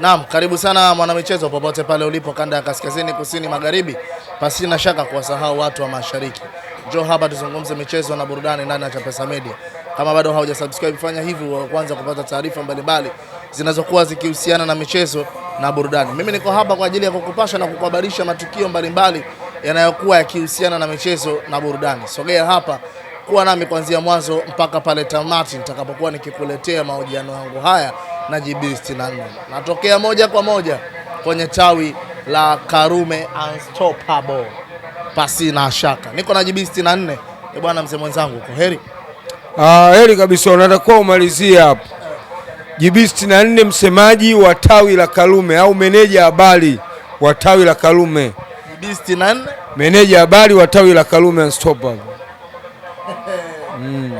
Naam, karibu sana mwanamichezo popote pale ulipo kanda ya kaskazini, kusini, magharibi, pasina shaka kuwasahau watu wa mashariki. Njoo hapa tuzungumze michezo na burudani ndani ya Chapesa Media. Kama bado subscribe, fanya hivyo wa kwanza kupata taarifa mbalimbali zinazokuwa zikihusiana na michezo na burudani. Mimi niko hapa kwa ajili ya kukupasha na kukuhabarisha matukio mbalimbali yanayokuwa yakihusiana na michezo na burudani. Sogea hapa kuwa nami kuanzia mwanzo mpaka pale tamati nitakapokuwa nikikuletea mahojiano yangu haya na GB 64. Natokea moja kwa moja kwenye tawi la Karume Unstoppable, pasi na shaka niko na GB 64. E bwana mzee mwenzangu, uko heri. Ah, heri kabisa, unatakuwa umalizie hapo. GB 64, msemaji wa tawi la Karume au meneja habari wa tawi la Karume. GB 64, meneja habari wa tawi la Karume Unstoppable. Mm.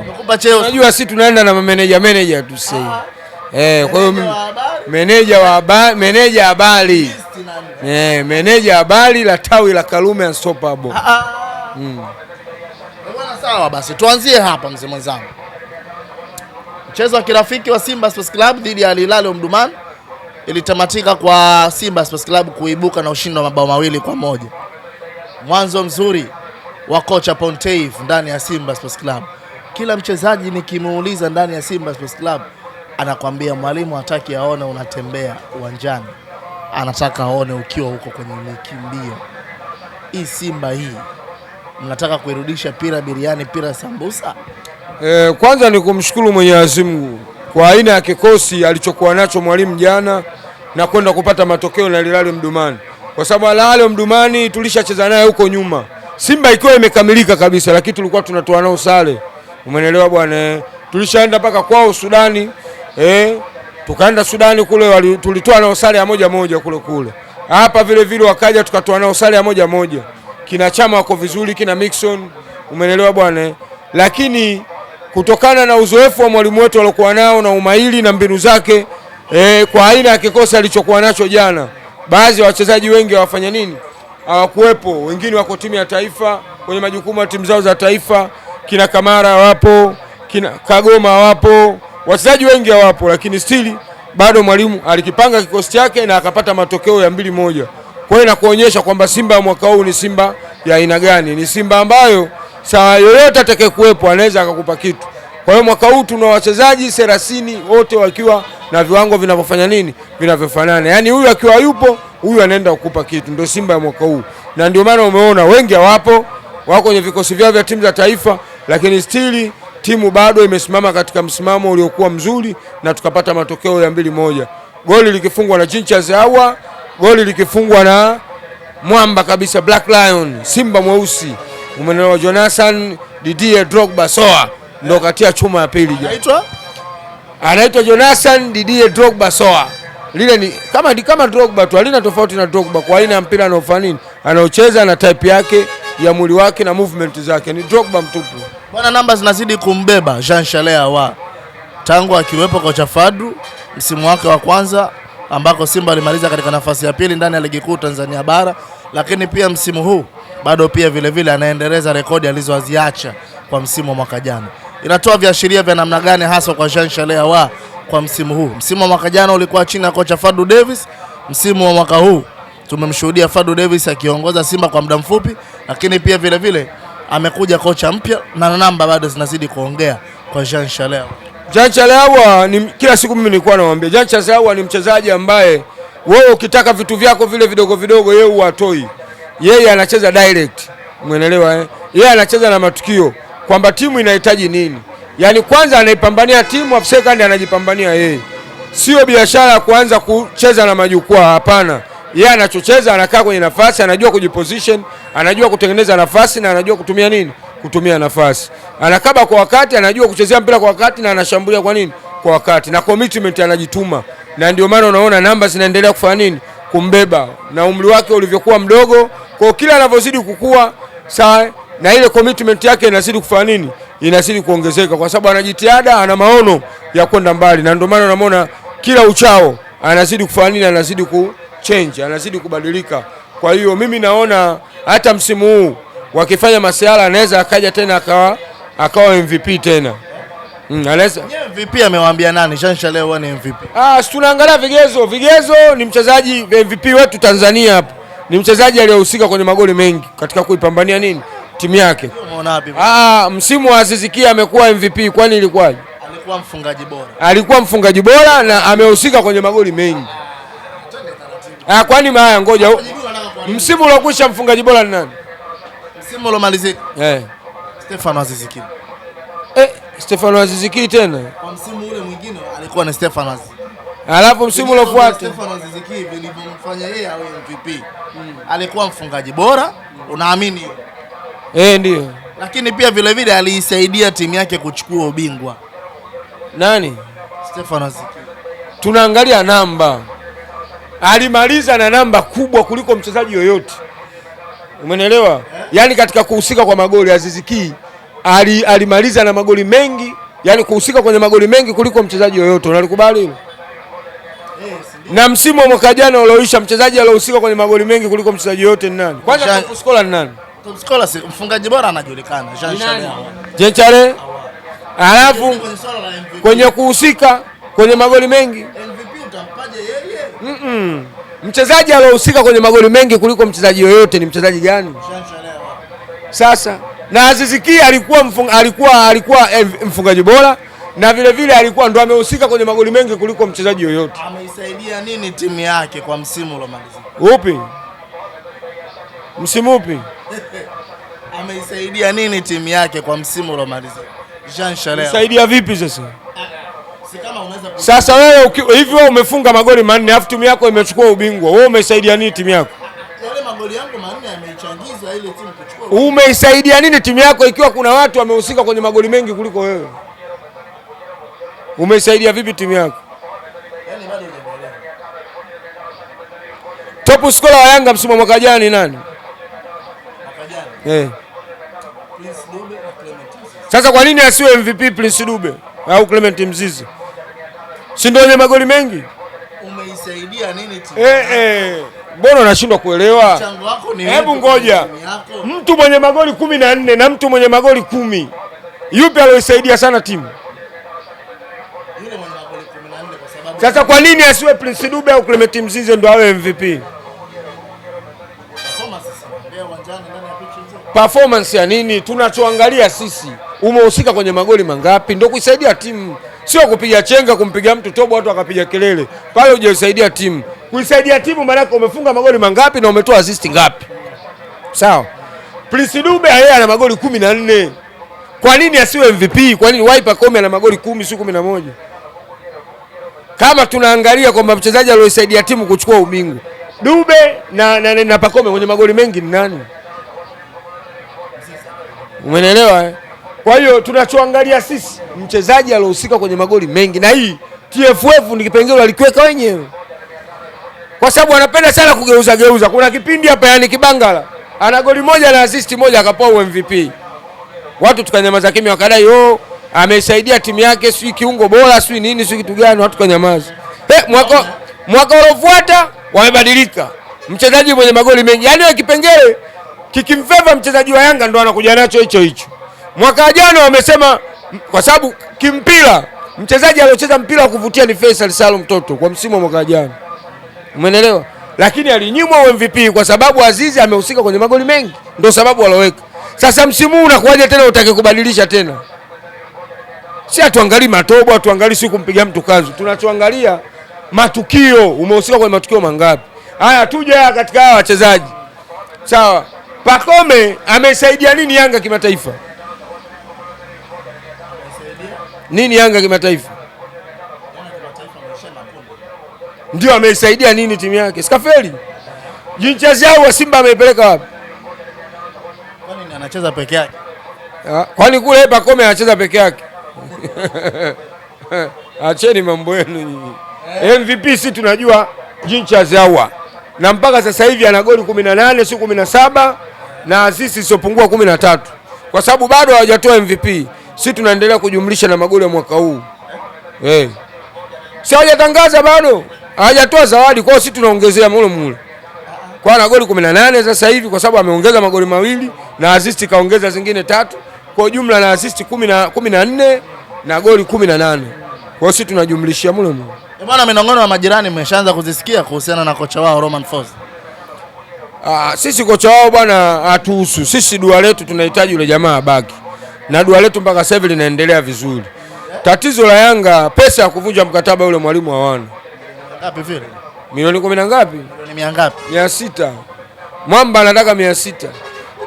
Unajua sisi tunaenda na mameneja meneja tu sasa. Eh, kwa hiyo meneja wa habari, meneja habari. Eh, meneja habari la tawi la Karume Unstoppable. Ah, ah, ah. Mm. Sawa basi tuanzie hapa mzee mwenzangu. Mchezo wa kirafiki wa Simba Sports Club dhidi ya Al Hilal Omdurman ilitamatika kwa Simba Sports Club kuibuka na ushindi wa mabao mawili kwa moja. Mwanzo mzuri wa kocha Ponteif ndani ya Simba Sports Club. Kila mchezaji nikimuuliza ndani ya Simba Sports Club anakwambia mwalimu hataki aone unatembea uwanjani, anataka aone ukiwa huko kwenye mikimbio. Hii Simba hii mnataka kuirudisha pira biriani, pira sambusa. E, kwanza ni kumshukuru Mwenyezi Mungu kwa aina ya kikosi alichokuwa nacho mwalimu jana na kwenda kupata matokeo na lilale Mdumani, kwa sababu Al Mdumani tulishacheza naye huko nyuma, Simba ikiwa imekamilika kabisa, lakini tulikuwa tunatoa nao sare, umeelewa bwana. Eh? Tulishaenda mpaka kwao Sudani eh, tukaenda Sudani kule tulitoa nao sare ya moja moja kule kule. Hapa vile vile wakaja tukatoa nao sare ya moja moja. Kina Chama wako vizuri, kina Mixon, umeelewa bwana. Eh? Lakini kutokana na uzoefu wa mwalimu wetu aliokuwa nao na umahiri na mbinu zake eh, kwa aina ya kikosi alichokuwa nacho jana, baadhi ya wachezaji wengi hawafanya nini, hawakuwepo. Wengine wako timu ya taifa kwenye majukumu ya timu zao za taifa, kina Kamara wapo, kina Kagoma wapo wachezaji wengi hawapo, lakini stili bado mwalimu alikipanga kikosi chake na akapata matokeo ya mbili moja. Kwa hiyo inakuonyesha kwamba Simba ya mwaka huu ni Simba ya aina gani, ni Simba ambayo saa yoyote atakayekuwepo anaweza akakupa kitu. Kwa hiyo mwaka huu tuna wachezaji 30 wote wakiwa na viwango vinavyofanya nini, vinavyofanana, yaani huyu akiwa yupo huyu anaenda kukupa kitu. Ndio Simba ya mwaka huu, na ndio maana umeona wengi hawapo, wako kwenye vikosi vyao vya timu za taifa, lakini stili timu bado imesimama katika msimamo uliokuwa mzuri na tukapata matokeo ya mbili moja, goli likifungwa na Chinchas Awa, goli likifungwa na mwamba kabisa Black Lion, simba mweusi, umenelewa, Jonathan Didier Drogba Soa ndo katia chuma ya pili, anaitwa anaitwa Jonathan Didier Drogba Soa. Lile ni kama ni kama Drogba tu, alina tofauti na Drogba kwa aina ya mpira anaofanya nini, anaocheza na type yake ya mwili wake na movement zake, ni Drogba mtupu. Bwana, namba zinazidi kumbeba Jean Shalea wa tangu akiwepo kocha Fadru msimu wake wa kwanza ambako Simba alimaliza katika nafasi ya pili ndani ya ligi kuu Tanzania bara, lakini pia msimu huu bado pia vile vile anaendeleza rekodi alizoziacha kwa msimu wa mwaka jana. Inatoa viashiria vya namna gani hasa kwa Jean Shalea wa kwa msimu huu? Msimu wa mwaka jana ulikuwa chini ya kocha Fadlu Davis, msimu wa mwaka huu tumemshuhudia Fadlu Davis akiongoza Simba kwa muda mfupi, lakini pia vile vile amekuja kocha mpya na namba bado zinazidi kuongea kwa Jean Chalewa. Jean Chalewa ni kila siku mimi nilikuwa nawaambia Jean Chalewa ni mchezaji ambaye wewe ukitaka vitu vyako vile vidogo vidogo yeye huatoi. Yeye anacheza direct. Umeelewa eh? Yeye anacheza na matukio kwamba timu inahitaji nini. Yaani kwanza anaipambania timu afu second anajipambania yeye. Sio biashara kuanza kucheza na majukwaa hapana. Yeye anachocheza anakaa kwenye nafasi, anajua kujiposition, anajua kutengeneza nafasi na anajua kutumia nini, kutumia nafasi, anakaba kwa wakati, anajua kuchezea mpira kwa wakati na anashambulia kwa nini, kwa wakati na commitment, anajituma, na ndio maana unaona namba zinaendelea kufanya nini, kumbeba na umri wake ulivyokuwa mdogo. Kwa kila anavyozidi kukua sawa na ile commitment yake inazidi kufanya nini, inazidi kuongezeka, kwa sababu anajitiada, ana maono ya kwenda mbali, na ndio maana unamwona kila uchao anazidi kufanya nini, anazidi ku change anazidi kubadilika. Kwa hiyo mimi naona hata msimu huu wakifanya masiala anaweza akaja tena akawa akawa MVP tena. Mm, anaweza. MVP amewaambia nani? Shansha leo ni MVP. Ah, si tunaangalia vigezo. Vigezo ni mchezaji MVP wetu Tanzania hapa. Ni mchezaji aliyehusika kwenye magoli mengi katika kuipambania nini? Timu yake. Ah, msimu wa Aziziki amekuwa MVP kwani ilikuwaje? Alikuwa mfungaji bora. Alikuwa mfungaji bora na amehusika kwenye magoli mengi. Ah, kwani maya ngoja Msimu uliokwisha mfungaji bora ni nani? Msimu uliomalizika. Eh. Stefano Aziz Ki. Eh, Stefano Aziz Ki tena. Kwa msimu ule mwingine alikuwa na Stefano Aziz. Alafu msimu uliofuata Stefano Aziz Ki vilivyomfanya yeye awe MVP. Mm. Alikuwa mfungaji bora, mm. unaamini? Eh, ndio. Lakini pia vile vile aliisaidia timu yake kuchukua ubingwa. Nani? Stefano Aziz Ki. Tunaangalia namba alimaliza na namba kubwa kuliko mchezaji yoyote, umenelewa? Yaani katika kuhusika kwa magoli Aziziki ali, alimaliza na magoli mengi, yaani kuhusika kwenye magoli mengi kuliko mchezaji yoyote. Unalikubali na msimu wa mwaka jana ulioisha mchezaji aliohusika kwenye magoli mengi kuliko mchezaji yote ni nani? Kwanza Jean... Top scorer ni nani? Top scorer si mfungaji bora anajulikana, Jean Charles. Jean Charles. Alafu kwenye kuhusika kwenye magoli mengi mm. Mchezaji aliyohusika kwenye magoli mengi kuliko mchezaji yoyote ni mchezaji gani? Sasa na Aziz Ki alikuwa mfunga, alikuwa alikuwa eh, mfungaji bora na vile vile alikuwa ndo amehusika kwenye magoli mengi kuliko mchezaji yoyote. Ameisaidia nini timu yake kwa msimu uliomalizika? Upi? Msimu upi? ameisaidia nini timu yake kwa msimu uliomalizika? Jean Charles. Saidia vipi sasa? Sasa wewe hivi wewe umefunga magoli manne afu timu yako imechukua ubingwa, wewe umesaidia nini timu yako? Yale magoli yangu manne yamechangiza ile timu kuchukua. Umeisaidia nini timu yako ikiwa kuna watu wamehusika kwenye magoli mengi kuliko wewe? Umeisaidia vipi timu yako? Yaani Top scorer wa Yanga msimu mwaka jana ni nani? Eh. Sasa kwa nini asiwe MVP Prince Dube au Clement Mzizi? si ndio wenye magoli mengi? Umeisaidia nini timu? Eh, eh. Mbona unashindwa kuelewa? Mchango wako ni hebu ngoja. Mtu mwenye magoli kumi na nne na mtu mwenye magoli kumi yupi alioisaidia sana timu? Yule mwenye magoli 14 kwa sababu Sasa kwa nini asiwe Prince Dube au Clement Mzize ndio awe MVP? Performance ya nini? Tunachoangalia sisi umehusika kwenye magoli mangapi, ndio kuisaidia timu sio kupiga chenga, kumpiga mtu tobo, watu wakapiga kelele pale, hujaisaidia timu. Kuisaidia timu maana yake umefunga magoli mangapi na umetoa assist ngapi? Sawa. Prince Dube yeye ana magoli kumi na nne. Kwa nini asiwe MVP? Kwa nini Wiper Kome ana magoli kumi si kumi na moja? Kama tunaangalia kwamba mchezaji aliyosaidia timu kuchukua ubingwa Dube na, na, na, na Pakome kwenye magoli mengi ni nani? Umenielewa eh? Kwa hiyo tunachoangalia sisi mchezaji aliohusika kwenye magoli mengi, na hii TFF ni kipengele alikiweka wenyewe, kwa sababu anapenda sana kugeuza geuza. Kuna kipindi hapa, yani Kibangala ana goli moja na assist moja akapoa MVP, watu tukanyamaza kimya, wakadai oh, amesaidia timu yake, sio kiungo bora, sio nini, sio kitu gani, watu kanyamaza. Hey, eh, mwaka mwaka uliofuata wamebadilika, mchezaji mwenye magoli mengi, yani kipengele kikimfeva mchezaji wa Yanga ndo anakuja nacho hicho hicho Mwaka jana wamesema, kwa sababu kimpira mchezaji aliocheza mpira wa kuvutia ni Faisal Salum Toto kwa msimu wa mwaka jana, umeelewa? Lakini alinyimwa MVP kwa sababu Azizi amehusika kwenye magoli mengi, ndio sababu aloweka. Sasa msimu huu unakuja tena utake kubadilisha tena? Si atuangalie matobo, atuangalie si kumpiga mtu kazi, tunachoangalia matukio, umehusika kwenye matukio mangapi? Haya, tuje haya katika hawa wachezaji sawa. Pakome amesaidia nini Yanga kimataifa? nini Yanga kimataifa? Ndio ameisaidia nini timu yake? Sikafeli. jinchezi yao wa Simba ameipeleka wapi? Kwani anacheza peke yake? Ah, kwani kule Pakome anacheza peke yake? Acheni mambo yenu nyinyi. Eh. MVP si tunajua Jinchazi yao. Na mpaka sasa hivi ana goli 18 si 17 na asisi isiyopungua 13 kwa sababu bado hawajatoa MVP si tunaendelea kujumlisha na magoli ya mwaka huu eh, si hajatangaza bado, hajatoa zawadi kwao, si tunaongezea mule mule kwa na goli 18 sasa hivi, kwa sababu ameongeza magoli mawili na assist kaongeza zingine tatu, kwa jumla na assist 10 14 na goli 18. Kwa hiyo sisi tunajumlishia mule mule. E bwana, minong'ono ya majirani mmeshaanza kuzisikia kuhusiana na kocha wao Roman Folz? Ah, sisi kocha wao bwana hatuhusu sisi, dua letu tunahitaji yule jamaa abaki na dua letu mpaka sasa hivi linaendelea vizuri. Tatizo la Yanga pesa ya kuvunja mkataba ule mwalimu hawana. Ngapi vile? Milioni kumi na ngapi? Milioni mia ngapi? Mia sita. Mwamba anataka mia sita.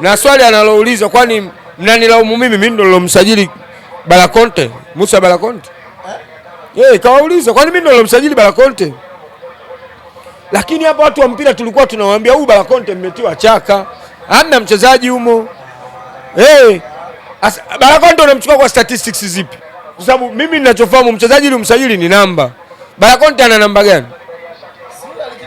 Na swali analoulizwa, kwani mnanilaumu mimi? Mimi ndo nilomsajili Balakonte, Musa Balakonte eh? Hey, kawauliza kwani mimi ndo nilomsajili Balakonte? Lakini hapa watu wa mpira tulikuwa tunawaambia huyu Balakonte mmetiwa chaka, hamna mchezaji humo. Hey, eh, Asa, Baraka ndo unamchukua kwa statistics zipi? Kwa sababu mimi ninachofahamu mchezaji ni msajili ni namba. Baraka ndo ana namba gani?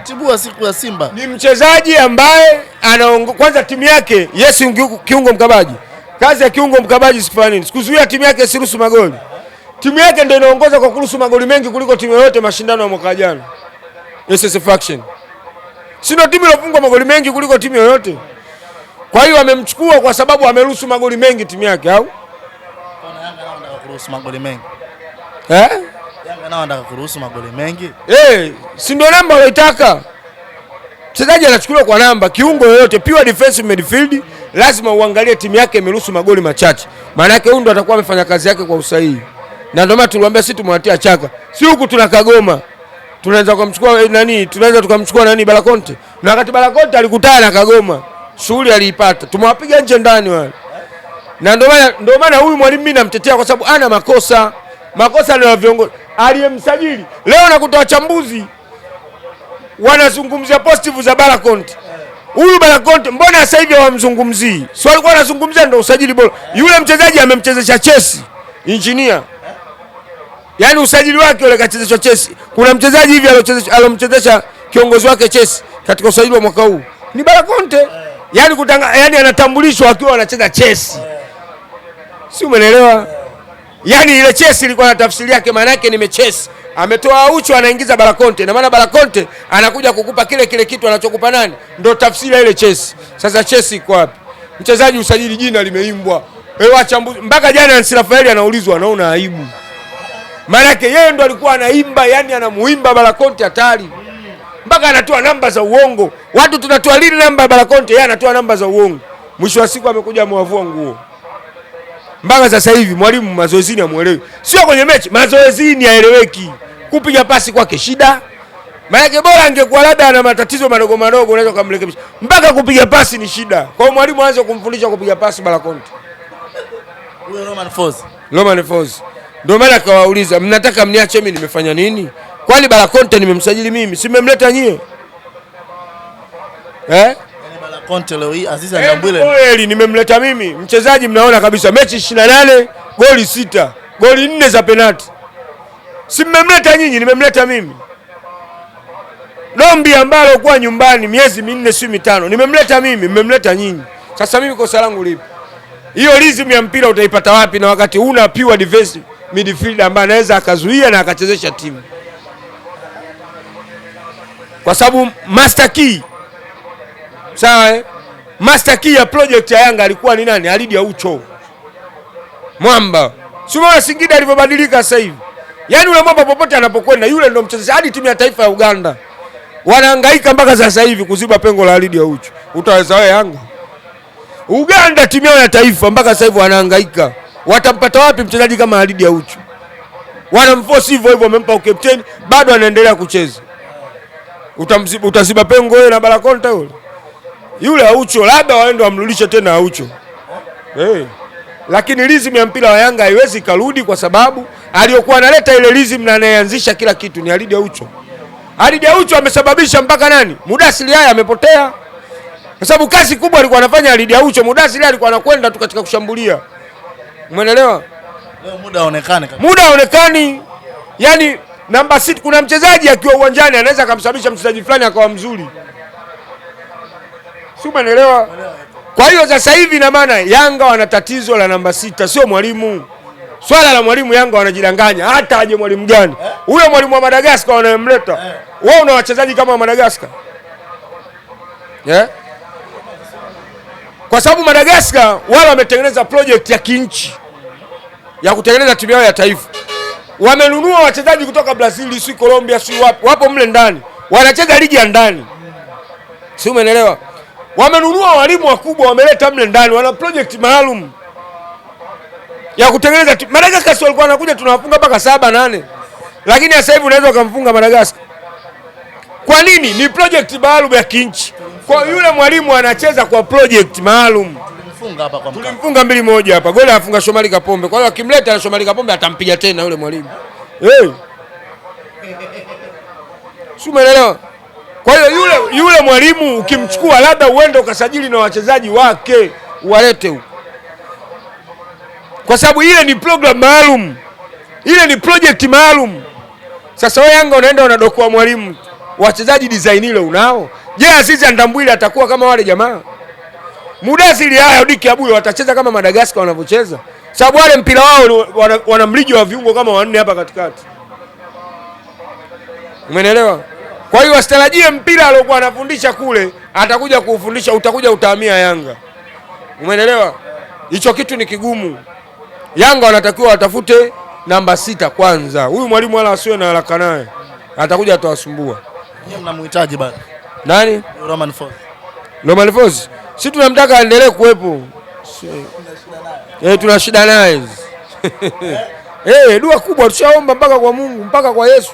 Tibua siku ya Simba ni mchezaji ambaye anaongo, kwanza timu yake yes, kiungo mkabaji. Kazi ya kiungo mkabaji sifanini, sikuzuia timu yake siruhusu magoli. Timu yake ndio inaongoza kwa kuruhusu magoli mengi kuliko timu yoyote mashindano ya mwaka jana, SSF Faction. si timu ilofungwa magoli mengi kuliko timu yoyote. Kwa hiyo amemchukua kwa sababu ameruhusu magoli mengi timu yake, au Yanga Yanga nao nao kuruhusu kuruhusu magoli eh? magoli mengi. mengi. Eh? Eh, si ndio? Namba anaitaka mchezaji anachukuliwa kwa namba, kiungo yoyote, pure defense midfield, lazima uangalie timu yake imeruhusu magoli machache, maana yake huyu ndo atakuwa amefanya kazi yake kwa usahihi, na ndio maana tuliwaambia sisi tumwatia Chaka, si huku tuna Kagoma tunaweza kumchukua eh, nani, tunaweza tukamchukua nani Balakonte, na wakati Balakonte alikutana na Kagoma shughuli aliipata, tumewapiga nje ndani wale, na ndio maana ndio maana huyu mwalimu mimi namtetea kwa sababu ana makosa, makosa ni ya viongozi aliyemsajili. Leo nakuta wachambuzi wanazungumzia positive za Barakonte. Huyu Barakonte mbona sasa hivi hawamzungumzii? Si walikuwa anazungumzia ndio usajili bora. Yule mchezaji amemchezesha Chelsea, Engineer. Yaani usajili wake ule kachezeshwa Chelsea. Kuna mchezaji hivi aliochezesha alomchezesha kiongozi wake Chelsea katika usajili wa mwaka huu. Ni Barakonte yani kutanga, yani anatambulishwa akiwa anacheza chesi, si umeelewa? Yani ile chesi ilikuwa na tafsiri yake, maana yake ni mechesi, Ametoa Aucho anaingiza Barakonte, na maana Barakonte anakuja kukupa kile kile kitu anachokupa nani, ndio tafsiri ya ile chesi. Sasa chesi iko wapi? Mchezaji usajili jina limeimbwa wewe eh, wachambuzi mpaka jana Rafaeli anaulizwa anaona aibu, maana yake yeye ndo alikuwa anaimba, yani anamuimba Barakonte hatari, mpaka anatoa namba za uongo. Watu lini namba ya Barakonte, yeye anatoa namba za uongo. Mwisho wa siku amekuja amewavua nguo. Mpaka sasa hivi mwalimu mazoezini amuelewi. Sio kwenye mechi, mazoezini haeleweki. Kupiga pasi kwake shida. Maana bora angekuwa labda ana matatizo madogo madogo unaweza kumrekebisha. Mpaka kupiga pasi ni shida. Kwa hiyo mwalimu aanze kumfundisha kupiga pasi Barakonte. Huyo Roman Foz. Roman Foz. Ndio maana akawauliza, mnataka mniache mimi nimefanya nini? Kwani Barakonte nimemsajili mimi, si mmemleta nyie? eh? Yaani eh kweli nimemleta mimi mchezaji, mnaona kabisa mechi ishirini na nane goli sita goli nne za penati, si mmemleta nyinyi, nimemleta mimi Lombi ambalo kuwa nyumbani miezi minne si mitano, nimemleta mimi, mmemleta nyinyi. Sasa mimi kosa langu lipi? Hiyo rhythm ya mpira utaipata wapi, na wakati una pure defense midfield ambaye anaweza akazuia na akachezesha timu, kwa sababu master key Sawa eh? Master key ya project ya Yanga alikuwa ni nani? Alidi Aucho. Mwamba. Si umeona Singida alivyobadilika sasa hivi. Yaani yule mwamba popote anapokwenda yule ndio mchezaji hadi timu ya taifa ya Uganda. Wanahangaika mpaka sasa hivi kuziba pengo la Alidi Aucho. Utaweza wewe Yanga? Uganda timu yao ya taifa mpaka sasa hivi wanahangaika. Watampata wapi mchezaji kama Alidi Aucho? Wanamforce hivyo hivyo, wamempa ukapteni bado anaendelea kucheza. Utamziba, utaziba pengo wewe na Barakonta yule yule Aucho, labda waende wamrudishe tena Aucho hey. Lakini rhythm ya mpira wa Yanga haiwezi karudi, kwa sababu aliyokuwa analeta ile rhythm na anayeanzisha kila kitu ni Alidi Aucho. Alidi Aucho amesababisha mpaka nani, Mudasiri haya amepotea, kwa sababu kazi kubwa alikuwa anafanya Alidi Aucho. Mudasiri alikuwa anakwenda tu katika kushambulia, umeelewa? Leo Muda haonekani kabisa, muda haonekani. Yani namba sita, kuna mchezaji akiwa uwanjani anaweza akamsababisha mchezaji fulani akawa mzuri si umeelewa? Kwa hiyo sasa hivi na maana Yanga wana tatizo la namba sita, sio mwalimu. Swala la mwalimu Yanga wanajidanganya, hata aje mwalimu gani eh? huyo, mwalimu wa madagaska wanayemleta eh? wewe, una wachezaji kama wa Madagaskar yeah? Kwa sababu Madagaskar wale wametengeneza project ya kinchi ya kutengeneza timu yao ya taifa, wamenunua wachezaji kutoka Brazil, si Colombia, si wapi, wapo mle ndani wanacheza ligi ya ndani, si umeelewa? Wamenunua walimu wakubwa, wameleta mle ndani, wana project maalum ya kutengeneza. Madagascar walikuwa wanakuja tunawafunga mpaka saba nane, lakini sasa hivi unaweza ukamfunga Madagascar. Kwa nini? Ni project maalum ya kinchi. Kwa yule mwalimu anacheza kwa project maalum. Tulimfunga mbili moja hapa, goli afunga Shomari Kapombe. Kwa hiyo akimleta na Shomari Kapombe atampiga tena yule mwalimu. Hey. Si umeelewa? Kwa hiyo yule, yule mwalimu ukimchukua, labda uende ukasajili na wachezaji wake uwalete huko, kwa sababu ile ni program maalum, ile ni project maalum. Sasa wewe Yanga unaenda unadokoa mwalimu, wachezaji design ile unao. Je, Aziz Ndambwile atakuwa kama wale jamaa Mudasiri haya Diki Abuyo watacheza kama Madagascar wanavyocheza, sababu wale mpira wao wana, wana wa viungo kama wanne hapa katikati, umeelewa? Kwa hiyo wasitarajie mpira aliokuwa anafundisha kule atakuja kuufundisha, utakuja utahamia Yanga. Umeelewa? Hicho kitu ni kigumu. Yanga wanatakiwa watafute namba sita kwanza. Huyu mwalimu wala asiwe na haraka naye, atakuja atawasumbua. Mnamhitaji bana nani? Roman Force. Roman Force si tunamtaka aendelee kuwepo, eh, tuna shida naye. Eh, dua kubwa tushaomba mpaka kwa Mungu mpaka kwa Yesu.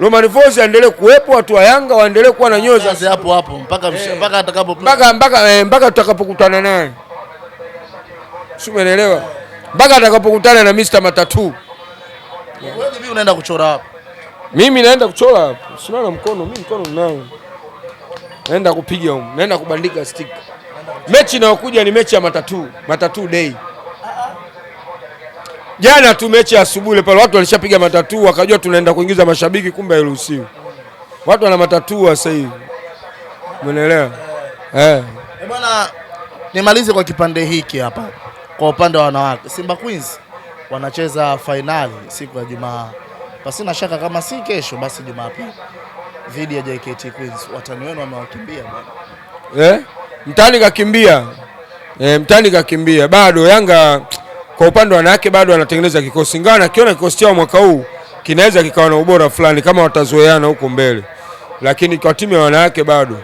Romain Folz aendelee kuwepo, watu wa Yanga waendelee kuwa na nyoyo za hapo hapo mpaka eh. mpaka atakapo mpaka mpaka eh, mpaka tutakapokutana naye, si umeelewa? Mpaka atakapokutana na Mr Matatu. Wewe mimi unaenda kuchora hapo? Mimi naenda kuchora hapo, sina na mkono mimi, mkono ninao, naenda kupiga huko, naenda kubandika stika. Mechi inayokuja ni mechi ya Matatu, Matatu Day. Jana tu mechi ya asubuhi pale watu walishapiga matatu, wakajua tunaenda kuingiza mashabiki, kumbe hairuhusiwi. Watu wana matatu sasa hivi, umeelewa? Eh, eh. eh bwana, nimalize kwa kipande hiki hapa. Kwa upande wa wanawake, Simba Queens wanacheza fainali siku ya Jumaa, na shaka kama si kesho, basi Jumapili dhidi ya JKT Queens. Watani wenu wamewakimbia bwana eh? Mtani kakimbia eh, mtani kakimbia bado Yanga kwa upande wa wanawake bado wanatengeneza kikosi, ingawa nakiona kikosi chao mwaka huu kinaweza kikawa na ubora fulani kama watazoeana huko mbele, lakini kwa timu ya wanawake bado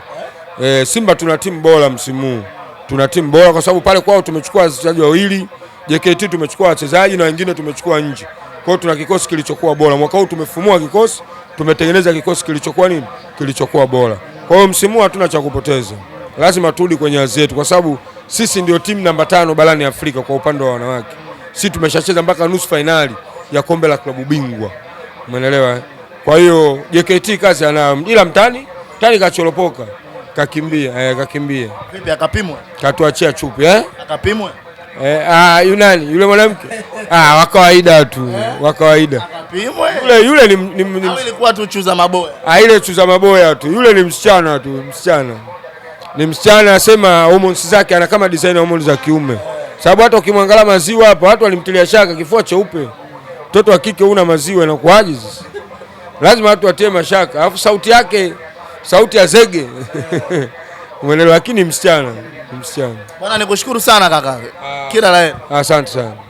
e, Simba tuna timu bora msimu huu, tuna timu bora kwa sababu pale kwao tumechukua wachezaji wawili, JKT tumechukua wachezaji na wengine tumechukua nje. Kwa hiyo tuna kikosi kilichokuwa bora mwaka huu, tumefumua kikosi, tumetengeneza kikosi kilichokuwa nini, kilichokuwa bora. Kwa hiyo msimu hatuna cha kupoteza, lazima turudi kwenye azi yetu, kwa sababu sisi ndio timu namba tano barani Afrika kwa upande wa wanawake sisi tumeshacheza mpaka nusu fainali ya kombe la klabu bingwa, umeelewa? Eh? Kwa hiyo JKT kazi anayo, ila mtani mtani kachoropoka, kakimbia eh, kakimbia. Vipi akapimwa? Katuachia chupi eh, akapimwa eh, ah, yunani yule mwanamke ah, wa kawaida tu eh, wa kawaida akapimwa yule yule, ni, ni, ni ilikuwa tu chuza maboya ah, ile chuza maboya tu, yule ni msichana tu, msichana ni msichana, asema hormones zake ana kama design hormones za kiume sababu hata ukimwangalia maziwa hapa watu walimtilia shaka, kifua cheupe, mtoto wa kike una maziwa, inakuaje sasa? Lazima watu watie mashaka, alafu sauti yake sauti ya zege umeelewa, lakini msichana msichana. Bwana nikushukuru sana kaka, ah. kila la asante sana.